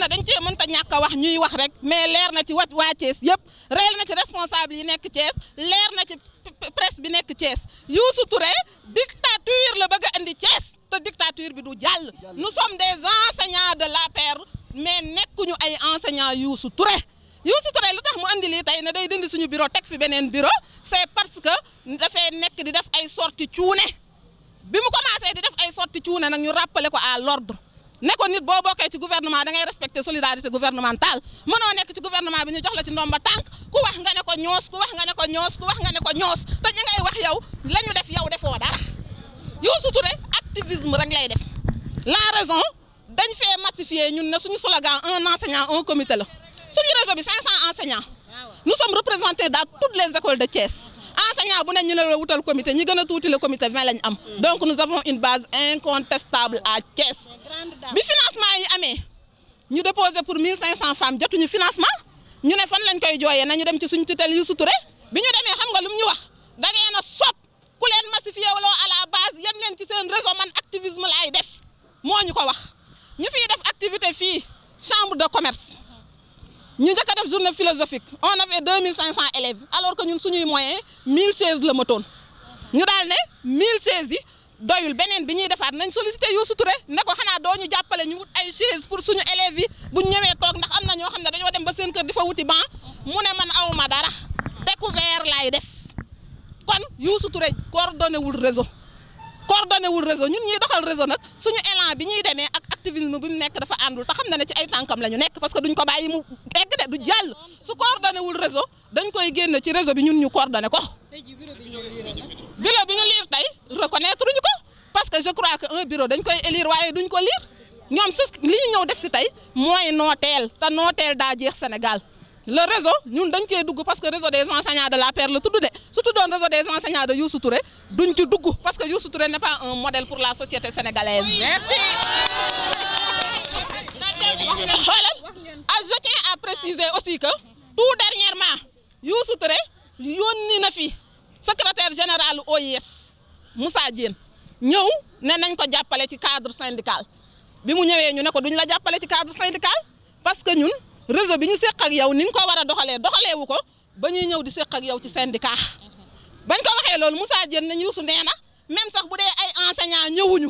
na dañ cee mënta ñàkk a wax ñuy wax rek mais leer na ci wa waa Thiès yëpp réer na ci responsable yi nekk Thiès leer na ci presse bi nekk Thiès Youssou Touré dictature la bëgg indi Thiès te dictature bi du jàll nous sommes des enseignants de l'APR mais nekkuñu ay enseignants Youssou Touré Youssou Touré lu tax mu andi lii tey na day dindi suñu bureau teg fi beneen bureau c'est parce que dafay nekk di def ay sorti cuune bi mu commencé di def ay sorties cuune nag ñu rappeler ko à l'ordre ne nit boo bokkee ci gouvernement da ngay respecter solidarité gouvernementale mënoo nekk ci gouvernement bi ñu jox la ci ndomba tànk ku wax nga ne ko ñoos ku wax nga ne ko ñoos ku wax te ñi ngay wax yow la ñu def yow defoo dara Youssou Touré activisme rek lay def la raison dañ fee massifier ñun ne suñu slogan un enseignant un comité la suñu réseau bi 500 enseignants nous sommes représentés dans toutes les écoles de Thiès enseignant bu ne ñu ne la wutal comité ñi gën a tuuti le comité 20 lañ am. Mm. donc nous avons une base incontestable à Thiès. bi financement yi amee ñu déposé pour 1500 femmes jotuñu financement ñu ne fan lañ koy jooyee nañu dem ci suñ tutelle yu suture bi ñu demee xam nga lum ñu wax da ngeen a sopp ku leen massifié wala à la base yem leen ci seen réseau man activisme laay def moo ñu ko wax ñu fiy def activité fii chambre de commerce. ñu njëkk a def journée philosophique on avait deux mille cinq cent élèves alors que ñun suñuy moyen mille chaises la matoon ñu daal ne mille chaises yi doyul beneen bi ñuy defaat nañ sollicité Youssou Touré ne ko xanaa doo ñu jàppale ñu wut ay chaise pour suñu élèves yi bu ñu toog ndax am na ñoo xam ne dañoo dem ba seen kër di fa wuti banc mu ne man awma dara découvert laay def kon Youssou Touré coordonné wul réseau coordonné wul réseau ñun ñuy doxal réseau nag suñu elan bi ñuy demee ak activisme bi mu nekk dafa àndul te xam na ne ci ay tànkam la ñu nekk parce que ko bàyyi mu egg de du jàll su coordonné wul réseau dañ koy génn ci réseau bi ñun ñu coordonné ko. bureau bi ñu liir tey reconnaître ñu ko parce que je crois que un bureau dañ koy élire waaye duñ ko liir ñoom su li ñu ñëw def si tey mooy nooteel te nooteel daa jeex Sénégal. le réseau ñun dañ cee dugg parce que réseau des enseignants de l'APR la tudd de su tuddoon réseau des enseignants de Youssou duñ ci dugg parce que Youssou Touré n'est pas un modèle pour la société sénégalaise. merci. xoolal ah, je tiens à préciser aussi que tout dernièrement Youssou Touré yónni na fi secrétaire général OIS Moussa Diène ñëw ne nañ ko jàppale ci cadre syndical bi mu ñëwee ñu ne ko duñ la jàppale ci cadre syndical parce que réseau bi ñu seq ak yow ni ñu ko war a doxalee doxalee wu ko ba ñuy ñëw di seq ak yow ci syndicat bañ ko waxee loolu Moussa Diène nañ Youssou nee na même sax bu dee ay enseignants ñu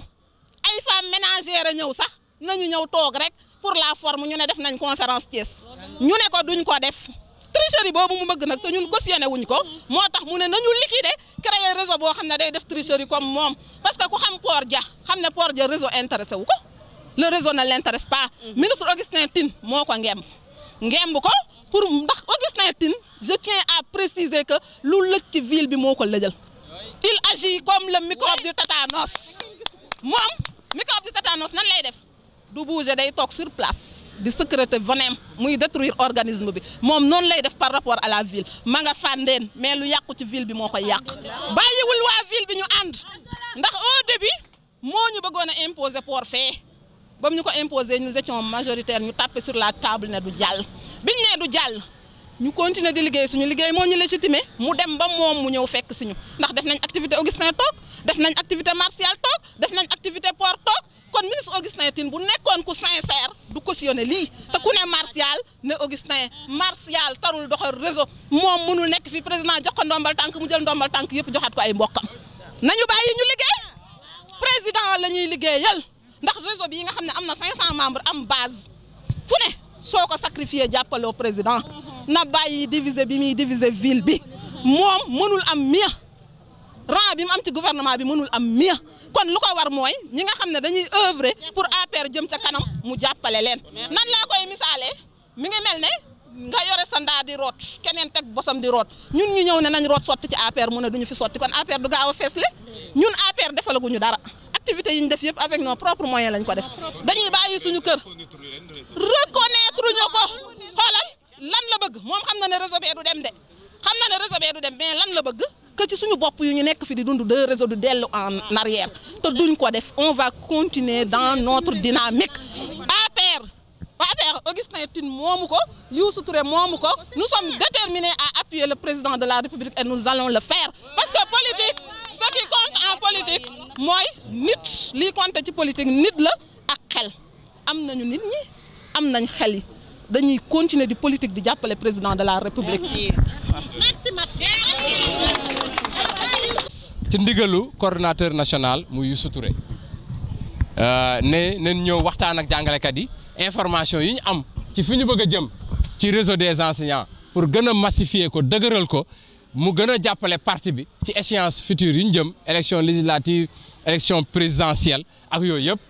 ay femmes ménagères a ñëw sax nañu ñëw toog rek pour la forme ñu ne def nañ conférence Thiès ñu ne ko duñ ko def tricherie boobu mu bëgg nag te ñun cautionné wuñ ko moo tax mu ne nañu liquider créer réseau boo xam ne day def tricherie comme moom parce que ku xam Port Dia xam ne Port Dia réseau intéressé wu ko le réseau ne l'intéresse pas mm. ministre Augustin Tine moo ko ngemb ngemb ko pour ndax Augustin Tine je tiens à préciser que lu lëj ci ville bi moo ko lëjal il agit comme le microbe du tétanos moom microbe du tétanos nan lay def du bouger day toog sur place di sécréter venin muy détruire organisme bi moom noonu lay def par rapport à la ville ma nga fàndeen mais lu yàqu ci ville bi moo koy yàq bàyyiwul waa ville bi ñu ànd ndax au début moo ñu bëggoon a imposer port ba mu ñu ko imposé nous étions majoritaire ñu tapé sur la table ne du jàll biñ ne du jàll ñu continuer di liggéey suñu liggéey moo ñu légitimé mu dem ba moom mu ñëw fekk si ñu ndax def nañ activité Augustin toog def nañ activité martiale toog def nañ activité port toog kon ministre Augustin tin bu nekkoon ku sincère du cautionné lii te ku ne martial ne Augustin martial tarul doxal réseau moom mënul nekk fi président jox ko ndombal tànk mu jël ndombal tànk yëpp joxaat ko ay mbokkam nañu bàyyi ñu liggéey président la ñuy liggéeyal ndax réseau bi yi nga xam ne am na 500 membres am base fu soo ko sacrifier jàppale président mm-hmm. na bàyyi diviser bi muy diviser ville bi moom mënul am mieux rang bi mu am ci gouvernement bi mënul am mieux kon lu ko war mooy ñi nga xam ne dañuy œuvrer pour APR jëm ca kanam mu jàppale leen. nan laa koy misaalee mi nga mel ne nga yore sa ndaa di root keneen teg bosam di root ñun ñu ñëw ne nañ root sotti ci APR mu ne du ñu fi sotti kon APR du gaaw a feesle ñun APR defalaguñu dara. activités yi ñu def yëpp avec nos propres moyens lañ ko def dañuy bàyyi suñu kër reconnaître ñu ko xoolal lan la bëgg moom xam na ne réseau bee du dem de xam na ne réseau bee dem mais lan la bëgg que suñu bopp yu ñu nekk fi di dund deux réseau du dellu en arrière te duñ ko def on va continuer dans notre dynamique APR APR Augustin Tine moomu ko Youssou Touré moomu ko nous sommes déterminés à appuyer le président de la République et nous allons le mooy nit lii compter ci politique nit la ak xel am nañu nit ñi am nañ xel yi dañuy continuer di politique di jàppale président de la république. ci ndigalu coordonnateur national mu Youssou Touré euh, ne nañ ñëw waxtaan ak jàngalekat yi information yi ñu am ci fi ñu bëgg a jëm ci réseau des enseignants pour gën a massifier ko dëgëral ko. mu gën a jàppale parti bi ci échéance future yu ñu jëm élection législative élection présidentielle ak yooyu yëpp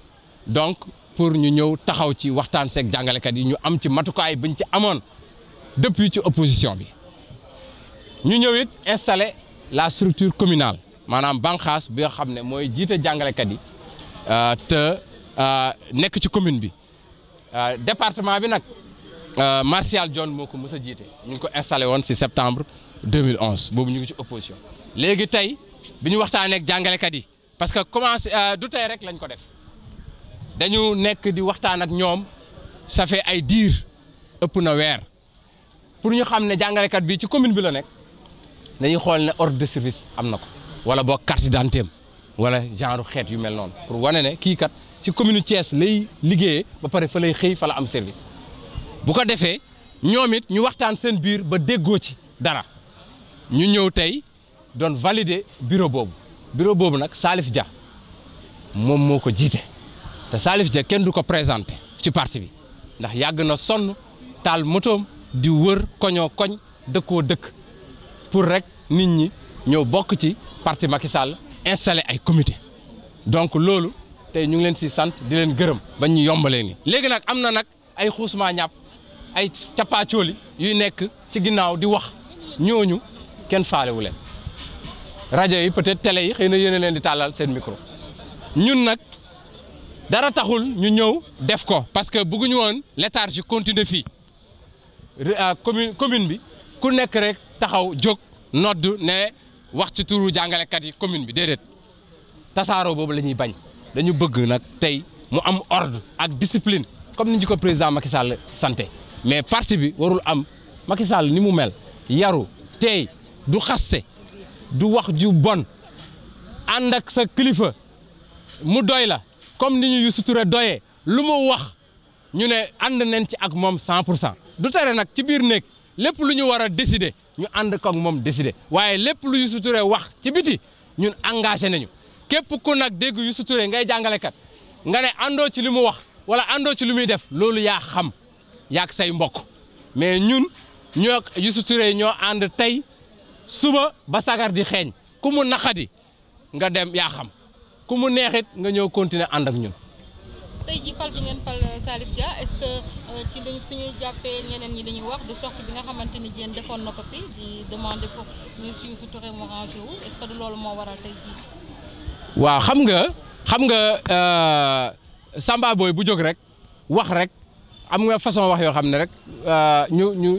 donc pour ñu ñëw taxaw ci waxtaan seeg jàngalekat yi ñu am ci matukaay biñ ci amoon depuis ci opposition bi ñu ñëw it la structure communal maanaam banqaas bi nga xam ne mooy jiite jàngalekat yi euh, te euh, nekk ci commune bi euh, département bi nag Martial John moo ko mës a jiite ñu ngi ko installé woon si septembre 2011 boobu ñu ngi ci opposition. léegi tey bi ñu waxtaanee ak jàngalekat yi parce que commencé euh, du tey rek lañ ko def dañu nekk di waxtaan ak ñoom ça ay diir ëpp na weer pour ñu xam ne jàngalekat bi ci commune bi la nekk dañuy xool ne ordre de service am na ko wala boog carte d'identité wala genre xeet yu mel noonu pour wane ne kii kat ci commune Thiès lay liggéeyee ba pare fa lay xëy fa la am service bu ko defee ñoom it ñu waxtaan seen biir ba déggoo ci dara. ñu ñëw tey doon valider bureau boobu bureau boobu nag Salif Dia moom moo ko jiite te Salif Dia kenn du ko présenté ci parti bi ndax yàgg na sonn taal motoom di wër koñoo koñ dëkkoo dëkk pour rek nit ñi ñëw bokk ci parti Macky Sall installé ay comité donc loolu tey ñu ngi leen si sant di leen gërëm ba ñu yombalee ni léegi nag am na nag ay xuusmaa ñàpp ay cappaacooli yuy nekk ci ginnaaw di wax ñooñu kenn faalewu leen rajo yi peut-être télé yi xëy na yéen leen di tàllal seen micro ñun nag dara taxul ñu ñëw def ko parce que bëgguñu woon léthargie continue fii ah, commune commune bi ku nekk rek taxaw jóg nodd ne wax ci turu jàngalekat yi commune bi déedéet tasaaroo boobu la ñuy bañ dañu bëgg nag tey mu am ordre ak discipline comme ni ñu ko président Macky Sall santé mais parti bi warul am Macky ni mu mel yaru tey du xaste du wax ju bon ànd ak sa kilifa mu doy la comme ni ñu Youssou Touré doyee lu mu wax ñu ne ànd nañ ci ak moom cent cent du tere nag ci biir néeg lépp lu ñu war a décider ñu ànd ko moom décider waaye lépp lu Youssou wax ci biti ñun engagé nañu képp ku nag dégg Youssou ngay ngay kat nga ne àndoo ci li mu wax wala àndoo ci lu muy def loolu yaa xam yaak say mbokk mais ñun ñoo Youssou ñoo ànd tey suba ba sagar di xeeñ ku mu naqadi nga dem yaa xam ku mu neexit nga ñëw continuer ànd ak ñun. tey jii pal bi ngeen pal euh, Salif Dia est-ce que euh, ci li suñu jàppee ñeneen ñi li ñuy wax de sorte bi nga xamante ni jéen defoon na ko fi di demander pour monsieur Youssou Touré mu rangé wu est-ce que du loolu moo waral tey jii. waaw xam nga xam nga euh, Samba Boy bu jóg rek wax rek am nga façon wax yoo xam ne rek ñu ñu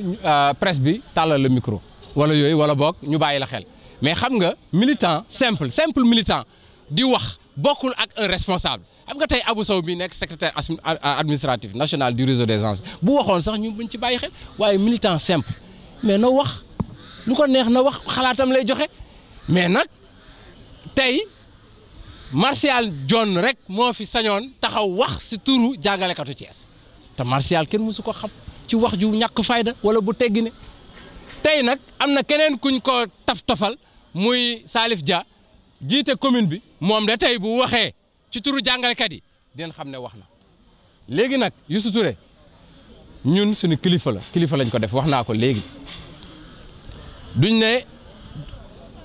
presse bi tàllal le micro. wala yooyu wala boog ñu bàyyi la xel mais xam nga militant simple simple militant di wax bokkul ak un responsable xam nga tey Abou Sow bi nekk secrétaire administratif national du réseau des anciens bu waxoon sax ñu buñ ci bàyyi xel waaye militant simple mais na wax lu ko neex na wax xalaatam lay joxe mais nag tey Martial John rek moo fi sañoon taxaw wax si turu jàngalekatu Thiès te Martial kenn mësu ko xam ci wax ju ñàkk fayda wala bu teggine tey nag am na keneen kuñ ko taf tofal muy saalif Dia jiite commune bi moom de tey bu waxee ci turu jàngalekat yi dinañ xam ne wax na léegi nag yu suture ñun sunu kilifa la kilifa lañ ko def wax naa ko léegi duñ ne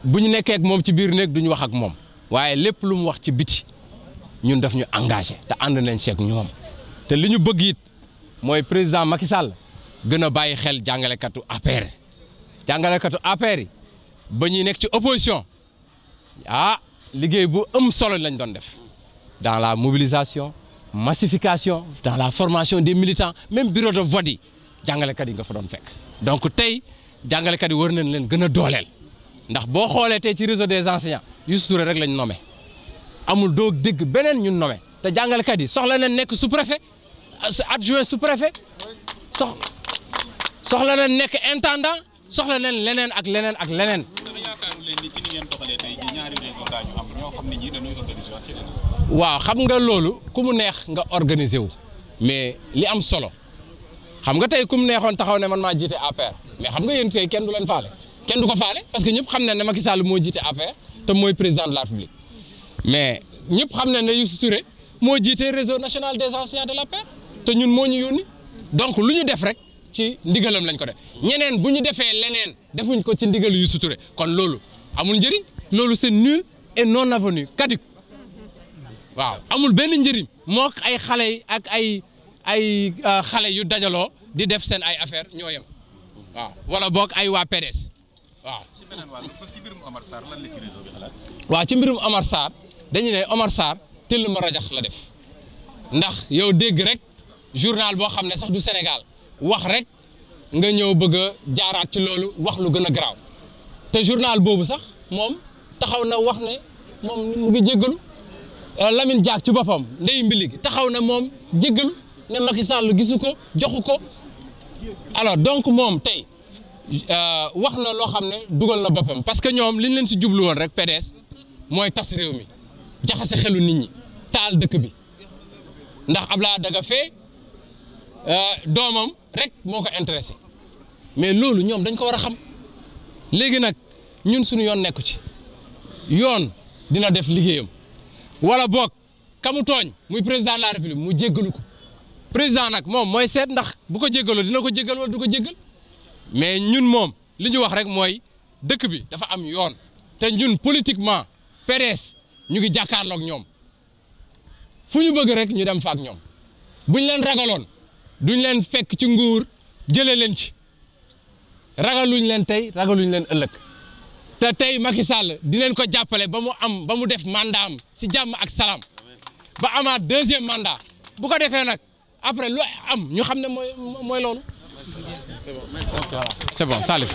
bu ñu moom ci biir néeg duñ wax ak moom waaye lépp lu mu wax ci biti ñun def ñu engagé te ànd nañ seeg ñoom te li ñu bëgg it mooy président Macky Sall gën a bàyyi xel jàngalekatu APR jàngalekatu APR yi ba ñuy nekk ci opposition ah liggéey bu am solo lañ doon def dans la mobilisation massification dans la formation des militants même biro de vote yi jàngalekat yi nga fa doon fekk. donc tey jàngalekat yi war nañ leen gën a dooleel ndax boo xoolee tey ci réseau des enseignants Youssou Touré rek lañ nommé amul doo dégg beneen ñun nommé te jàngalekat yi soxla nañ nekk sous-préfet adjoint sous-préfet sox soxla nañ nekk intendant. soxla leen leneen ak leneen ak leneen. waaw xam nga loolu ku mu neex nga organiser wu mais li am solo xam nga tey ku mu neexoon taxaw ne man maa jiite affaire mais xam nga yéen tey kenn du leen faale kenn du ko faale parce que ñëpp xam ne ne Macky Sall moo jiite APR te mooy président de la République mais ñëpp xam ne ne Youssou Touré moo jiite réseau national des anciens de l'APR te ñun moo ñu yónni donc lu ñu def rek. ci ndigalam lañ ko def ñeneen bu ñu defee leneen defuñ ko ci ndigal yu suture kon loolu amul njëriñ loolu seen nul et non avenu caduc waaw amul benn njëriñ mook ay xale ak ay ay euh, xale yu dajaloo di def seen ay affaire ñoo yem waaw wala book ay waa PDS waaw. ci mbirum Omar Sarr ci réseau bi xalaat. waaw ci mbirum Omar Sarr dañu ne Omar Sarr tëll ma rajax la def ndax yow dégg rek journal boo xam ne sax du senegal wax rek nga ñëw bëgg a jaaraat ci loolu wax lu gën a garaaw te journal boobu sax moom taxaw na wax ne moom mu ngi jéggalu euh, Lamine ci boppam ndey mbili taxaw na moom jéggalu ne Macky Sall gisu ko joxu ko alors donc moom tey euh, wax na loo xam ne dugal na boppam parce que ñoom liñ leen si jublu woon rek PDS mooy tas réew mi jaxase xelu nit ñi taal dëkk bi ndax Abdoulaye Daga fee euh, doomam rek moo ko intéressé mais loolu ñoom dañ ko war a xam léegi nag ñun suñu yoon nekku ci yoon dina def liggéeyam wala boog kamu tooñ muy président de la république mu jéggalu ko président nag moom mooy seet ndax bu ko jéggaloo dina ko jéggal wala du ko jéggal mais ñun moom li ñu wax rek mooy dëkk bi dafa am yoon te ñun politiquement PDS ñu ngi jàkkaarloog ñoom fu ñu bëgg rek ñu dem fa ak ñoom buñ leen ragaloon duñ leen fekk ci nguur jële leen ci ragaluñ leen tey ragaluñ leen ëllëg te tey Macky Sall di ko jàppale ba mu am ba mu def mandat am si jàmm ak salaam ba amaat deuxième mandat bu ko defee nag après lu am ñu xam ne mooy mooy loolu. c'est bon c'est bon Salif